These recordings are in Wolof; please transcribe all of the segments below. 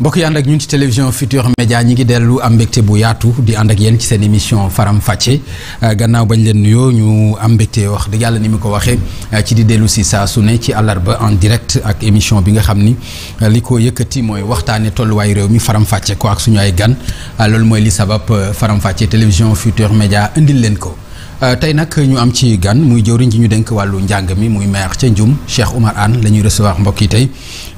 mbokk yi ànd ak ñun ci télévision Futur Média ñi ngi dellu am mbégte bu yaatu di ànd ak yéen ci seen émission Faram Facce euh, gannaaw bañ leen nuyoo ñu am mbégte wax dëgg yàlla ni mu ko waxee euh, ci di dellu si saa su ne ci àllarba en direct ak émission bi nga xam ni euh, li ko yëkkati mooy waxtaane tolluwaayu réew mi Faram Facce ko ak suñu ay gan loolu mooy li sabab Faram télévision Futur Média indil leen ko. Euh, tey nag ñu am ci gan muy jëwriñ ji ñu denk wàllu njàng mi muy maire ca Ndioum Cheikh Oumar Anne la ñuy recevoir mbokk yi tey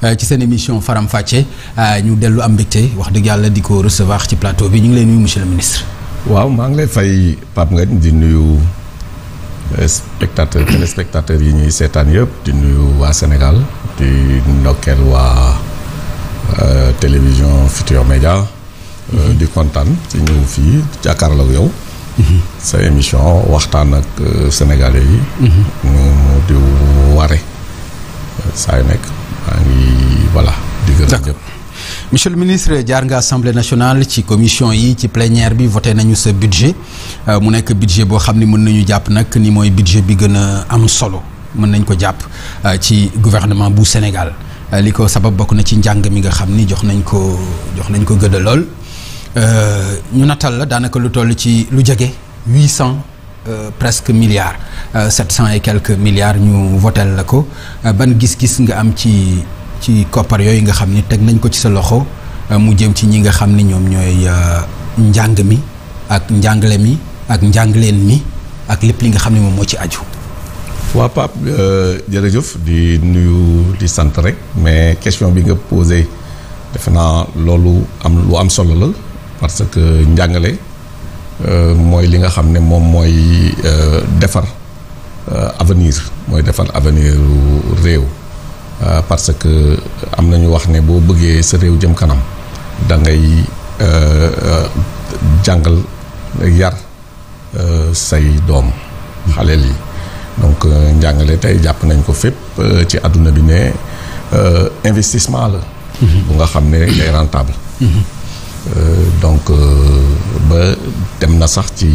euh, ci seen émission Faram Facce euh, ñu dellu am mbégte wax dëgg yàlla di ko recevoir ci plateau bi ñu ngi lay nuyu ministre. waaw maa ngi lay fay Pape Ngagne di nuyu spectateur téléspectateurs yi ñuy seetaan yëpp di nuyu waa Sénégal di ndokkeel waa télévision Futur Média mhm. di kontaan ci ñëw fii jàkkaarloo ak yow. sa émission waxtaan ak euh, sénégalais yi. Mhm. mu di ware saa nekk maa ngi voilà. di gërëm ñëpp monsieur le ministre jaar nga assemblée nationale ci commission yi ci plénière bi voté nañu sa budget euh, mu nekk budget boo xam ni mën nañu jàpp nag ni mooy budget bi gën a am solo mën nañ ko jàpp euh, ci gouvernement bu Sénégal li ko sabab bokk na ci njàng mi nga xam ni jox nañ ko jox nañ ko gëdd lool. Euh, ñu natal la daanaka lu toll ci lu jege huit cent euh, presque milliards euh, sept cent et quelques milliards ñu votel la ko ban gis-gis nga am ci ci koppar yooyu nga xam ni teg nañ ko ci sa loxo mu jëm ci ñi nga xam ni ñoom ñooy njàng mi ak njàngale mi ak njàngaleen mi ak lépp li nga xam ne moom moo ci aju. waa Pape jërëjëf di nuyu di sant rek mais question bi nga posé defe naa loolu am lu am solo la. parce que njàngale euh, mooy li nga xam ne moom mooy euh, defar euh, avenir mooy defar avenir réew parce que am nañu wax ne boo bëggee sa réew jëm kanam da ngay jàngal yar say doom xale yi donc njàngale tey jàpp nañ ko fépp ci àdduna bi ne investissement la mm-hmm. bu nga xam ne day rentable mm-hmm. Euh, donc euh, ba dem na sax ci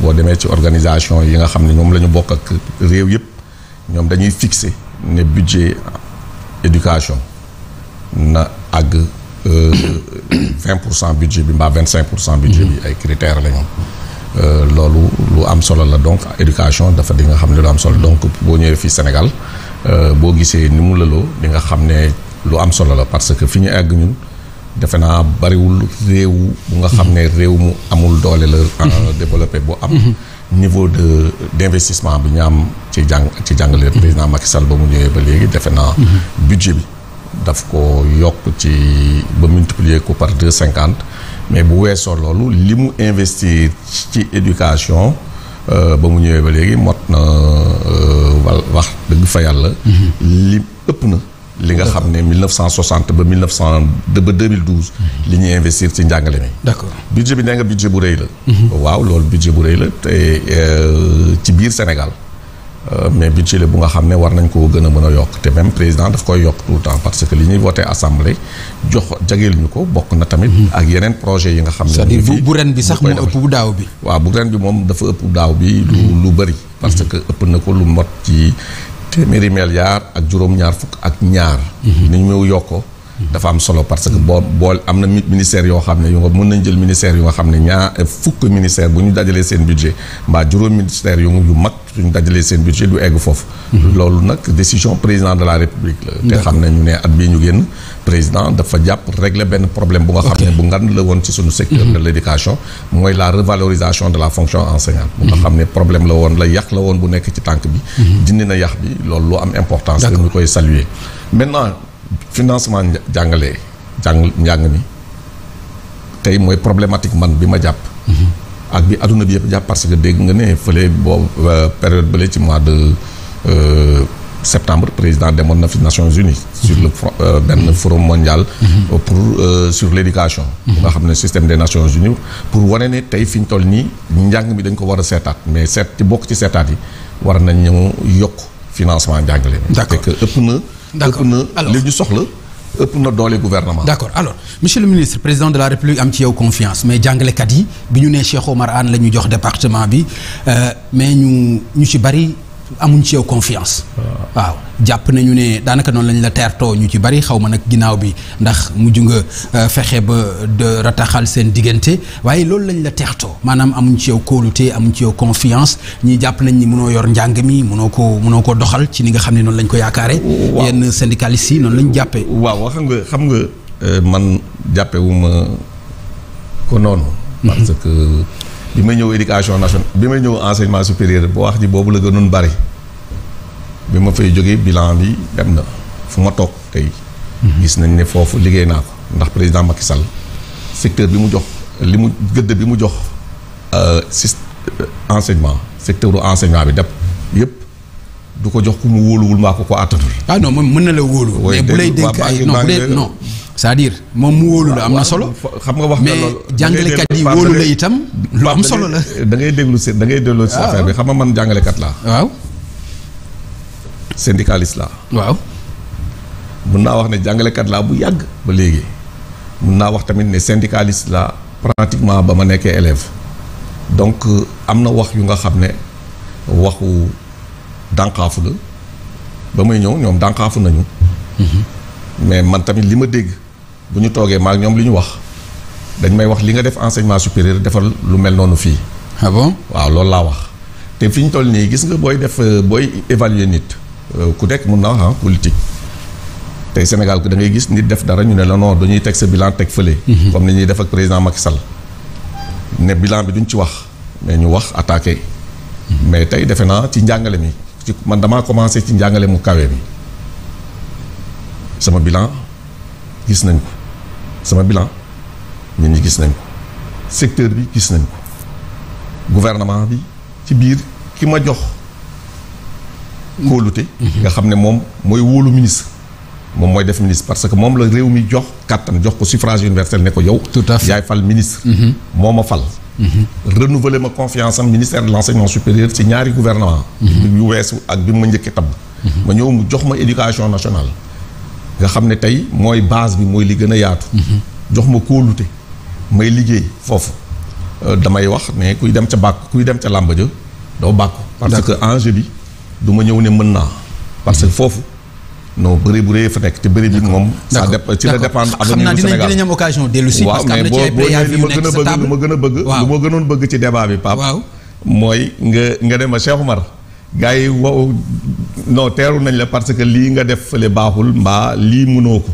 boo demee ci organisation yi nga xam ne ñoom la ñu bokk ak réew yëpp ñoom dañuy fixer ne budget éducation na àgg euh, vingt pour cent budget bi mbaa vingt cinq pour cent budget bi ay critères la ñoom loolu lu am solo la donc éducation dafa di nga xam ne lu am solo donc boo ñëwee fii Sénégal boo gisee ni mu laloo di nga xam ne lu am solo la parce que fi ñu àgg ñun defe naa bariwul réew mu nga xam ne réew mu amul doole la euh, mhm. développé bu am mhm. niveau de d' investissement bi ñu am ci jàng ci jàngale mhm. président Macky Sall ba mu ñëwee ba léegi defe naa budget bi daf ko yokk ci ba multiplier ko par deux cinquante mais bu weesoo loolu li mu investir ci éducation euh, ba mu ñëwee ba léegi mot na euh, wal wax dëgg fa yàlla li ëpp na li nga xam ne 1960 ba 1900 ba 2012. li ñuy investir ci njàngale mi. d'accord budget bi nee nga budget bu rëy la. waaw loolu budget bu rëy la te euh, ci biir Sénégal. Euh, mais budget la bu nga xam ne war nañ koo gën a mën a yokk te même président daf koy yokk tout le temps parce que li ñuy voté assemblée jox jageel ñu ko bokk na tamit. Mhm. ak yeneen projet yi nga xam ne. cest à bu bu ren bi sax moo ëpp bu daaw bi. waaw bu ren bi moom dafa ëpp daaw bi. lu mhm. lu bëri. parce mhm. que ëpp na ko lu mot ci téeméeri milliard ak juróom-ñaar fukk ak ñaar. Mhm. ni ñu mew yokko dafa am solo parce que boo bool am na ministère yoo xam ne yu mën nañ jël ministère yu nga xam ne ñaa eh, fukk ministère bu ñu dajalee seen budget mbaa juróom ministère yu yu mag suñu dajalee seen budget du egg foofu mm-hmm. loolu nag décision président de la république te xam ne ñu ne at bii ñu génn président dafa jàpp régler benn problème bu nga xam ne bu ngan la woon ci suñu secteur de mm-hmm. mooy la revalorisation de la fonction enseignante bu nga mm-hmm. xam ne problème la woon la yàq la woon bu nekk ci tànk bi dindi na yax bi loolu lu am importance la ñu koy saluer maintenant financement jàngalee jàng njàng mi tey mooy problématique man bi ma jàpp. Mm-hmm. ak bi àdduna bi yëpp jàpp parce que dégg nga ne fële boobu euh, période bële ci mois de euh, septembre président demoon na fi Nations Unies. Mm-hmm. sur le euh, benn mm-hmm. forum mondial. pour sur le éducation. bu nga xam ne système de Nations Unies pour wane ne tey fi ñu toll nii njàng mi dañ ko war a seetaat mais seet ci bokk ci seetaat yi war nañ ñëw yokk financement njàngale. d' accord ëpp na. d'accord ëpp na li ñu soxla ëpp na doole gouvernement. d'accord alors monsieur le ministre président de la république am ci yow confiance mais jàngalekat yi bi ñu nee Cheikh Omar Anne la ñu jox département bi euh, mais ñu ñu ci bari. amuñ ci yow confiance. Ah. waaw jàpp nañu ne daanaka noonu lañ la teertoo ñu ci bari xaw ma nag ginnaaw bi ndax mujj nga euh, fexe ba de rataxal seen diggante waaye loolu lañ la teertoo maanaam amuñ ci yow kóolute amuñ ci yow confiance ñi jàpp nañ ni mënoo yor njàng mi mënoo ko mënoo ko doxal ci ni nga xam ne noonu lañ ko yaakaare yenn syndicalistes yi noonu lañ jàppee. waaw xam nga xam nga. Euh, man jàppewuma ko noonu. Mhm. parce que. bi may ñëw éducation nationale bi may ñëw enseignement supérieur bu wax ji boobu la gënoon bari bi ma fay jógee bilan bi dem na fu ma toog tey. Mhm. gis nañ ne foofu liggéey naa ko ndax président Macky Sall secteur bi mu jox li mu gëdd bi mu jox euh, si euh, enseignement secteur u enseignement bi def yëpp du ko jox ku mu wóoluwul maa ko ko àttanul. ah non moom mën na la wóolu. mais bu lay dénk ay bu dee non. c'est-à-dire moom mu wóolu la am na solo. xam nga wax nga loolu mais jàngalekat yi wóolu la itam. lu am solo la da ngay déglu si da ngay déglu si affaire bi xam nga man jàngalekat laa. waaw. syndicaliste laa. waaw. mun wax ne jàngalekat laa bu yàgg ba léegi mun naa wax tamit ne syndicaliste laa pratiquement ba ma nekkee élève donc euh, am na wax yu nga xam ne waxu dànqaafu la ba may ñëw ñoom dànqaafu nañu mm-hmm. mais man tamit li ma dégg bu ñu toogee maak ñoom li ñu wax dañ may wax li nga def enseignement supérieur defal lu mel noonu fii. ah bon waaw loolu laa wax. te fi ñu toll nii gis nga booy def euh, booy évaluer nit euh, ku nekk mun na wax ah, politique tey Sénégal da ngay gis nit def dara ñu ne la non dañuy teg sa bilan teg fële. Mhm. comme ni ñuy def ak président Macky ne bilan bi duñ ci wax mais ñu wax attaqué. Mhm. mais tey defe naa ci njàngale mi ci man damaa commencé ci njàngale mu kawe mi sama bilan gis nañ sama bilan ñun ñi gis nañ ko secteur bi gis nañ ko gouvernement bi ci biir ki ma jox kóolute mhm. nga xam ne moom mooy wóolu ministre moom mooy def ministre parce que moom la réew mi jox kàttan jox ko suffrage universel ne ko yow tout à fait yaay fal ministre mhm. moo ma fal mhm. renouveler ma confiance am ministère de l'enseignement supérieur ci ñaari gouvernement yu weesu ak bi ma njëkkee tabb ma ñëw mu jox ma éducation nationale nga xam ne tey mooy base bi mooy li gën a yaatu. jox ma kóolute may liggéey foofu euh, damay wax ne kuy dem ca bàkk kuy dem ca làmba doo bàkk parce que enjeu bi du ma ñëw ne mën naa parce que foofu non bëri bu rëy fa nekk te bëri bi moom. ça ci la dépendre avenir du Sénégal xam dellu si. parce que am na ci ay ma gën a bëgg li ma gënoon bëgg ci débat bi Pape. mooy nga nga dem a Cheikh Oumar. gars yi wow non teeru nañ la parce que lii nga def fële baaxul mbaa lii mënoo ko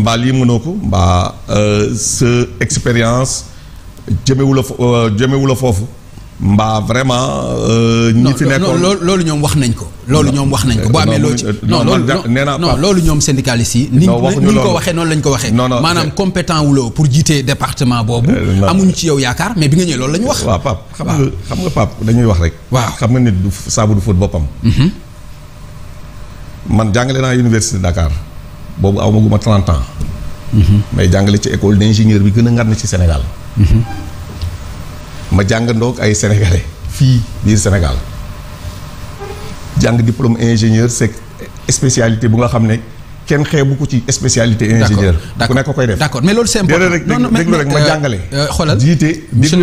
mbaa lii mënoo ko mbaa euh, sa expérience jëmewu la fo euh, foofu mbaa vraiment. Euh, ñi fi nekkoon non loolu ñoom wax nañ ko. loolu ñoom wax nañ ko boo amee loo ci. non non loolu ñoom syndicalistes yi. ni ñu ko waxee noonu lañ ko waxee. maanaam compétent wuloo pour jiite département boobu. Eh, amuñ ci yow yaakaar mais bi nga ñëwee loolu la ñu wax. waaw Pape xam nga xam nga Pape dañuy wax rek. waa xam nga nit du saabu du fóot boppam. Mm-hmm. man jàngale naa université Dakar boobu awma guma 30 ans. Mm-hmm. may jàngale ci école d' ingénieur bi gën a ngar ci Sénégal. Mm-hmm. ma jàngandoog ay sénégalais fii biir Sénégal jàng diplôme ingénieur c'est spécialité bu nga xam ne kenn xeebu ko ci spécialité ingénieur ku nekk koy def d'accord mais loolu c'est important rek wax la monsieur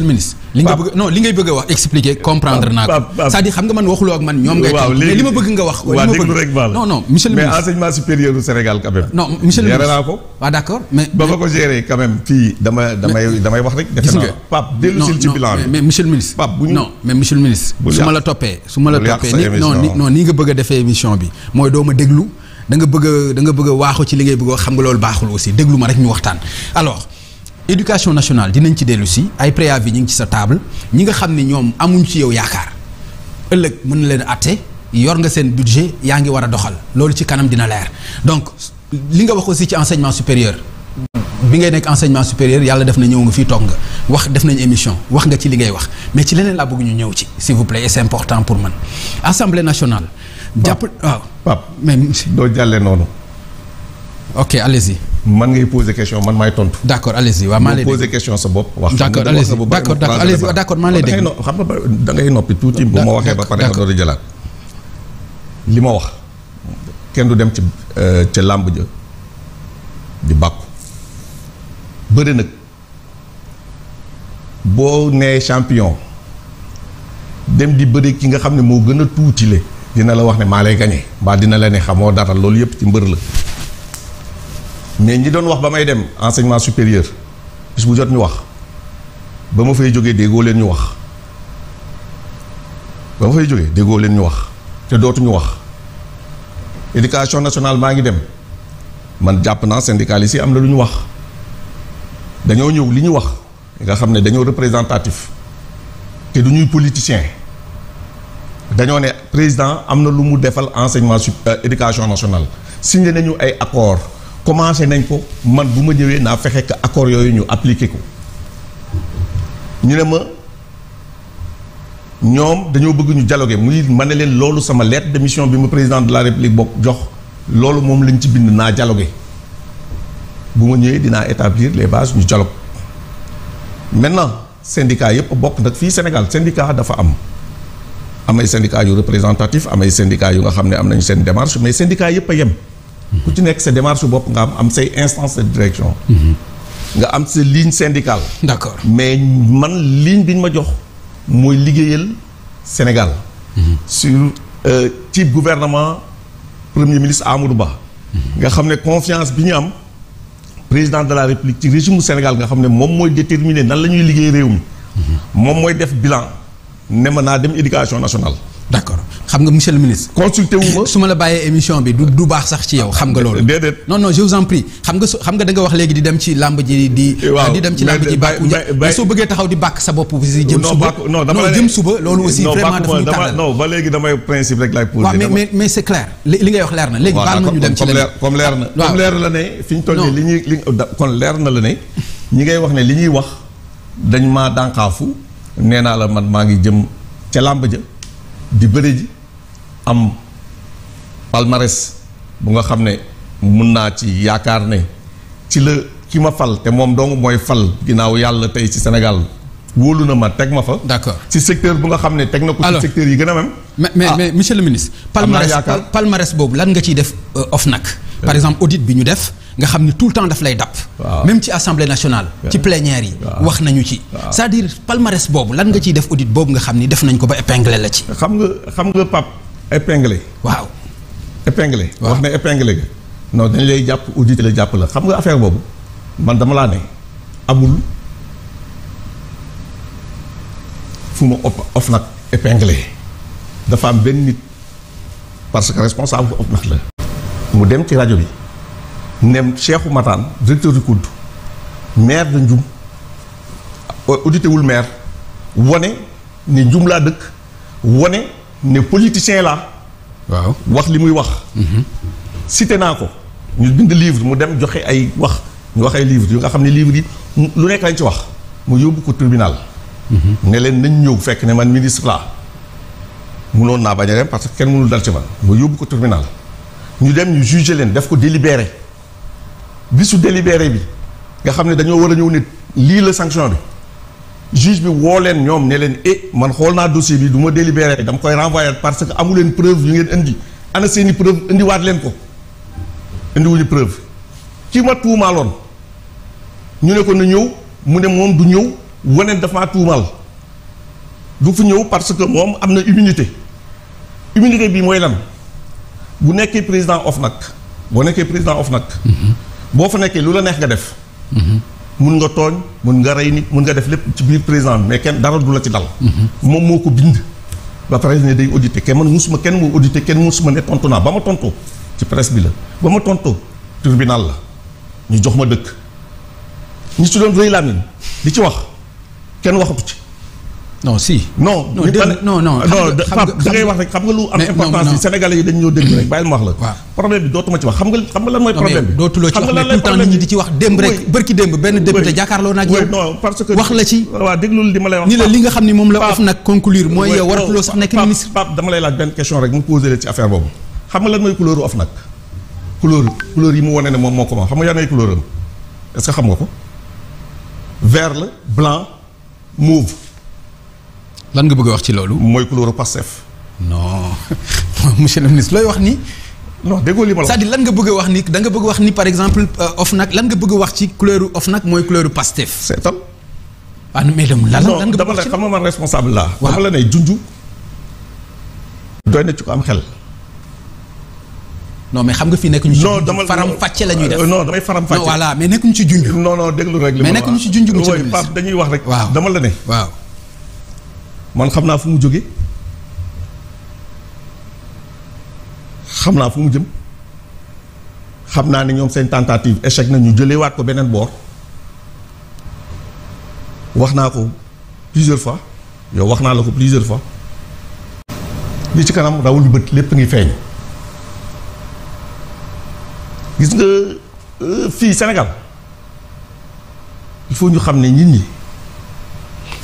le ministre li nga bëgg ngay bëgg wax expliquer comprendre naa ko cest à xam nga man waxuloo ak man ñoom ngay mais li ma bëgg nga wax waaw déglu rek non non monsieur le ministre mais enseignement supérieur du Sénégal quand même non ministre ko waaw ah, d' accord mais. ba ma ko gérer quand même fii damay damay wax rek. defe naa Pape dellu ci bilan mais monsieur le ministre. Pape bu non mais monsieur le ministre. su ma la toppee su ma la toppee ni non non nga bëgg defee émission bi mooy doo ma déglu da nga bëgg a da nga bëgg a waaxu ci li ngay bëgg a xam nga loolu baaxul aussi déglu ma rek ñu waxtaan alors. éducation nationale dinañ ci dellu si ay préavis ñu ngi ci sa table ñi nga xam ni ñoom amuñ ci yow yaakaar ëllëg mën n leen atte yor nga seen budget yaa ngi war a doxal loolu ci kanam dina leer li nga wax aussi ci enseignement supérieur. bi ngay nekk enseignement supérieur yàlla def na ñëw nga fii toog nga wax def nañ émission wax nga ci li ngay wax mais ci leneen laa bëgg ñu ñëw ci s'il vous plaît et c'est important pour man assemblée nationale. jàpp waaw Pape mais. doo jàllee noonu. ok allez-y. man ngay poser question man maay tontu. d'accord allez-y waaw maa lay poser question bopp. wax d'accord allez-y d'accord d'accord allez-y d'accord dégg. xam nga da ngay noppi tuuti bu ma waxee ba pare nga doon jëlaat li ma wax. kenn du dem ci euh, ca làmb ja di bàkku bëri nag boo nee champion dem di bëri ki nga xam ne moo gën a tuutile dina la wax ne maa lay gañe mbaa dina la ne xamoo dara loolu yëpp ci mbër la mais ñi doon wax ba may dem enseignement supérieur bis bu jot ñu wax ba ma fay jógee déggoo leen ñu wax ba ma fay jógee déggoo leen ñu wax te dootuñu wax éducation nationale maa ngi dem man jàpp naa syndicalistes yi am na lu ñu wax dañoo ñëw li ñu wax nga xam ne dañoo représentatif te du ñuy politicien dañoo ne président am na lu mu defal enseignement su euh, éducation nationale signé nañu ay accord commencé nañ ko man bu ma ñëwee naa fexe que accord yooyu ñu appliqué ko ñu ne ma ñoom dañoo bëgg ñu dialoguer muy ma ne leen loolu sama lettre de mission bi ma président de la république bokk jox loolu moom lañ ci bind naa dialoguer bu ma ñëwee dinaa établir les bases ñu dialogue maintenant syndicat yëpp bokk nag fii Sénégal syndicat dafa am am ay syndicat yu représentatif am ay syndicat yu nga xam ne am nañu seen démarche mais syndicat yëpp a yem ku ci nekk sa démarche bopp nga am am say instance de direction mhm. nga am sa ligne syndicale d'accord mais man ligne bi ma jox mooy liggéeyal Sénégal. Mhm. sur euh, ci gouvernement premier ministre Amadou Ba. Mhm. nga xam ne confiance bi ñu am président de la république ci régime Sénégal nga xam ne moom mooy déterminer nan la ñuy liggéey réew mi. Mhm. moom mooy def bilan ne ma naa dem éducation nationale. d' accord xam nga monsieur le ministre. consulté wu ma su ma la bàyyee émission bi du du baax sax ci yow. xam nga loolu déedéet. non non je vous en prie xam nga su wax léegi di dem ci làmb ji di. di dem ci làmb ji bàkku mais soo bëggee taxaw di bàkk sa bopp si jëm suba non non jëm ba léegi damay principe rek laay posé. waaw mais mais mais c' est li ngay wax leer na léegi baal ma ñu dem ci na leer la ne fi ñu toll nii li ñuy li kon leer na la ne ñi ngay wax ne li ñuy wax dañ maa dànkaafu nee naa la man maa ngi jëm ca làmb ja di bëri ji am palmarès bu nga xam ne mun naa ci yaakaar ne ci la ki ma fal te moom dong mooy fal ginnaaw yàlla tey ci Sénégal wóolu na ma teg ma fa. d'accord ci secteur bu nga xam ne teg na ko. ci secteur yi gën a mem. mais mais ah. mais monsieur le ministre. palmarès palmarès boobu lan nga ciy def euh, off nag. par euh. exemple audit bi ñu def. nga xam ni tout le temps daf lay dapp même ci assemblée nationale ci plénière yi wax nañu ci sa à dire palmarès boobu lan nga ciy def audit boobu nga xam ni def nañ ko ba épinglé la ci xam nga xam nga pap épinglé waaw épinglé wax na épinglé ga dañ lay jàpp audit la jàpp la xam nga affaire boobu man dama laa ne amul fu ma op of nag épinglé dafa am benn nit parce que responsable of nag la mu dem ci rajo bi nem Cheikhou Matane directeur du COUD maire de Ndioum audité wul maire wane ne Ndioum laa dëkk wane ne politicien laa waaw wax li muy wax site mhm. naa ko ñu bind livre mu dem joxe ay wax ñu wax ay livre yu nga xam ne livre yi lu nekk lañ ci wax mu yóbbu ko tribunal mhm. ne leen nañ ñëw fekk ne man ministre laa munoon naa bañ a dem parce que kenn mënul dal ci man mu yóbbu ko tribunal ñu dem ñu juger leen def ko délibéré bisu délibéré bi nga xam ne dañoo war a ñëw nit lii la sanction bi juge bi woo leen ñoom ne leen eh man xool naa dossier bi du ma délibéré dama koy renvoyer parce que amu leen preuve yu ngeen indi ana seeni preuve indiwaat leen ko indiwuñu preuve ki ma tuumaaloon ñu ne ko na ñëw mu ne moom du ñëw waneen dafa maa tuumaal du fu ñëw parce que moom am na immunité immunité bi mooy lan bu nekkee président nag boo nekkee président nag mhm. boo fa nekkee lu la neex nga def. Mhm. mun nga tooñ mun nga rey nit mun nga def lépp ci biir président mais kenn dara du la ci dal. Mhm. moom moo ko bind. ba pare ne day audité kenn man musuma kenn moo audité kenn musuma ne tontu naa ba ma tontu ci presse bi la ba ma tontu tribunal la ñu jox ma dëkk. ñi ci doon rëy laamin li ci wax kenn waxatu ci. non si. non non non non xam nga ngay wax rek xam nga lu am importance yi sénégalais yi dañ ñoo dégg rek bàyyil ma wax la. problème bi dootuma ci wax xam nga xam nga lan mooy problème bi. dootuloo ci wax mais tout le temps nit ñi di ci wax démb rek bërki démb benn député jàkkaarloo na ak yow. non parce que wax la ci. waaw déglul li ma lay wax. ni la li nga xam ne moom la of nag conclure mooy yow waratuloo sax nekk ministre. Pape dama lay laaj benn question rek mu posé la ci affaire boobu xam nga lan mooy couleur of nag couleur couleur yi mu wane ne moom moo ko moom xam nga yaa ngay couleur am est-ce que xam nga ko vert la blanc mauve lan nga bëgg wax ci loolu. mooy couleur Pastef. non monsieur le ministre looy wax ni. non déggoo li ma la cest à lan nga bëgg wax ni da nga bëgg wax ni par exemple euh, OFNAC lan nga bëgg wax ci couleur nag mooy couleur Pastef. seetal. ah mais lan lan nga bëgg a wax ci ah, non dama la xam nga man la ne junju. na ci ko am xel. non mais xam nga fii nekk ñu ci. non dama faram fàcce la ñuy def euh, non damay faram fàcce. non voilà mais nekkuñu ci junj. non non déglu rek li ma la wax ci junj monsieur le dañuy wax rek. waaw dama la ne waaw. man xam naa fu mu jógee xam naa fu mu jëm xam naa ni ñoom seen tentative échec na ñu waat ko beneen boor wax naa ko plusieurs fois yow wax naa la ko plusieurs fois li ci kanam lu bët lépp ngi feeñ gis nga euh, fii Sénégal il faut ñu xam ne nit ñi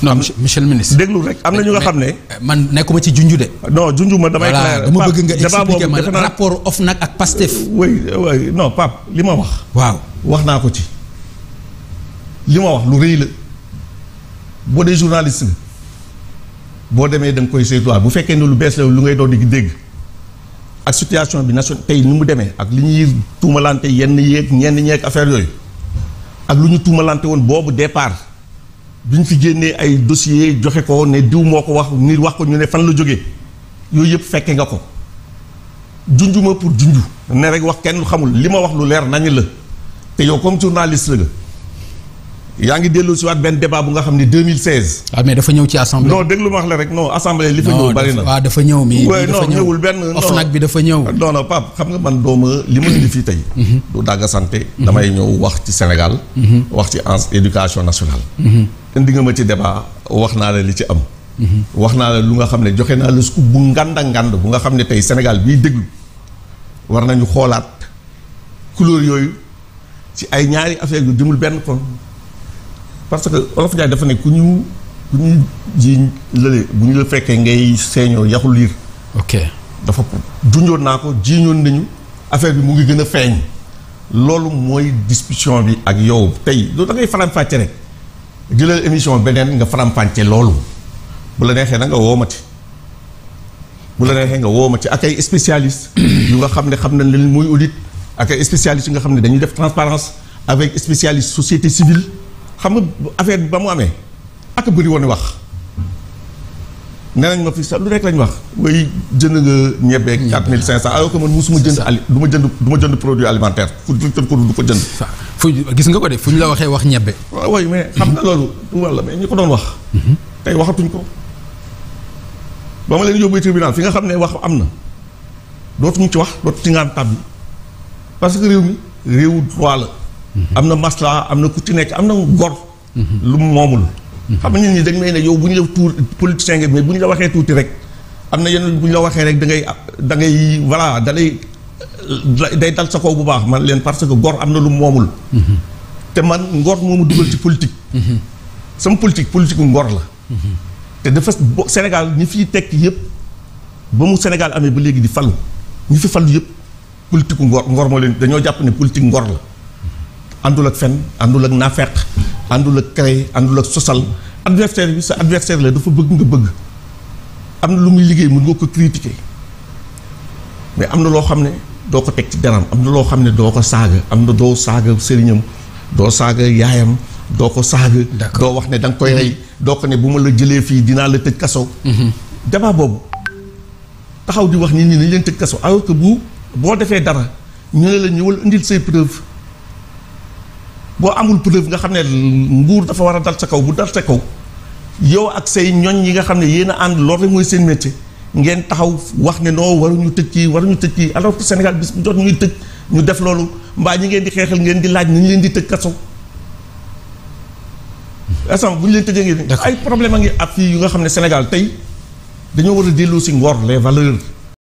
non monsieur le ministre. déglu rek am na ñu nga xam ne. Euh, man nekk nekkuma ci junju de. non junju ma damay. voilà dama bëgg nga expliquer ma rapport OFNAC ak PASTEF. Euh, oui euh, oui non Pape li ma wax. waaw wax naa ko ci. li ma wax lu rëy la boo dee journaliste nga boo demee da nga koy saytuwaat bu fekkee ne lu bees la lu ngay doon di dégg ak situation bi nation tey ni mu demee ak li ñuy tuumalante yenn yéeg ñenn ñeek affaire yooyu ak lu ñu tuumalante woon boobu départ. bi ñu fi génnee ay dossier joxe ko ne diw moo ko wax nit wax ko ñu ne fan la jógee yooyu yëpp fekke nga ko junjuma pour junj ne rek wax kenn xamul li ma wax lu leer nañu la yow comme journaliste la nga yaa ngi dellu si benn débat bu nga xam ne 2016. waaw ah, mais dafa ñëw ci assemblée. non déglu ma wax la rek non assemblée li fa ñëw bari na. waaw dafa ñëw mais. dafa ñëwul benn OFNAC bi dafa ñëw. Ah, non non xam nga man dooma li ma indi fi tey. Mhm. du dàgga santé. Mhm. damay ñëw wax ci Sénégal. Mhm. wax ci éducation nationale. indi nga ma ci débat wax naa la li ci am. wax naa la lu nga xam ne joxe naa la scoop bu nganda ngand bu nga xam ne tey Sénégal bii déglu war nañu xoolaat couleur yooyu ci ay ñaari affaire yu demul benn kon parce que Olof Ndiaye dafa ne ku ñu ku ñu ji lële bu ñu la fekkee ngay seeñoo yaxul liir. ok dafa junjoon naa ko jiiñoon nañu affaire bi mu ngi gën a feeñ. loolu mooy discussion bi ak yow tey loolu da ngay fàcce rek. jëlal émission beneen nga faram loolu bu la neexee na nga woomati bu la neexee nga woomati ak ay spécialistes yu nga xam ne xam nañ leen muy audit ak ay spécialistes yu nga xam ne dañuy def transparence avec spécialiste société civile xam nga affaire bi ba mu amee ak bëri woon wax nee nañ ma fi sax lu nekk lañ wax way jënd nga ñebeeg 4500 alors que man musuma jënd ali du ma jënd du ma jënd produit alimentaire fu tëb ko du ko jënd. fu gis nga ko de fu ñu la waxee wax ñebe. waaw waay mais xam na loolu wala mais ñi ko doon wax. Mm-hmm. tey waxatuñ ko. ba ma leen yóbbee tribunal fi nga xam ne wax am na dootuñu ci wax dootu ci ngaan que réew mi réewu droit mm-hmm. am na maslaa am na ku ci nekk am na gor mm-hmm. lu moomul. xam nga ñi dañ may ne yow bu ñu def tuur politicien nga mais bu ñu la waxee tuuti rek am na yenn bu ñu la waxee rek da ngay da ngay voilà da day dal sa kaw bu baax man leen parce que gor am na lu moomul. te man ngor moomu dugal ci politique. sama politique politique ngor la. te dafa Sénégal ñi fi tekk yëpp ba mu Sénégal amee ba léegi di falu ñi fi falu yëpp politique ngor ngor moo leen dañoo jàpp ne politique ngor la àndul ak fen àndul ak naafeq àndul ak créé àndul ak sosal adversaire bi sa adversaire la dafa bëgg nga bëgg am na lu muy liggéey mën nga ko critiquer mais am na loo xam ne doo ko teg ci ganam am na loo xam ne doo ko saaga am na doo saaga sëriñam doo saaga yaayam doo ko saaga doo wax ne da nga koy rey doo ko ne bu ma la jëlee fii dinaa la tëj kaso mm-hmm. débat boobu taxaw di wax ni nii nañ leen tëj kaso alors bu boo defee dara ñu ne la ñëwal indil say preuve boo amul preuve nga xam ne nguur dafa war a dal sa kaw bu dal sa kaw yow ak say ñoñ yi nga xam ne yéen a ànd loolu mooy seen métier ngeen taxaw wax ne noo waruñu tëj kii waruñu tëj ci alors que Sénégal bis bu jot ñuy tëj ñu def loolu mbaa ñi ngeen di xeexal ngeen di laaj ni leen di tëj kaso. asam bu ñu leen tëjee ngeen ay problème a ngi ab fii yu nga xam ne Sénégal tey dañoo war a delloo si ngor les valeurs.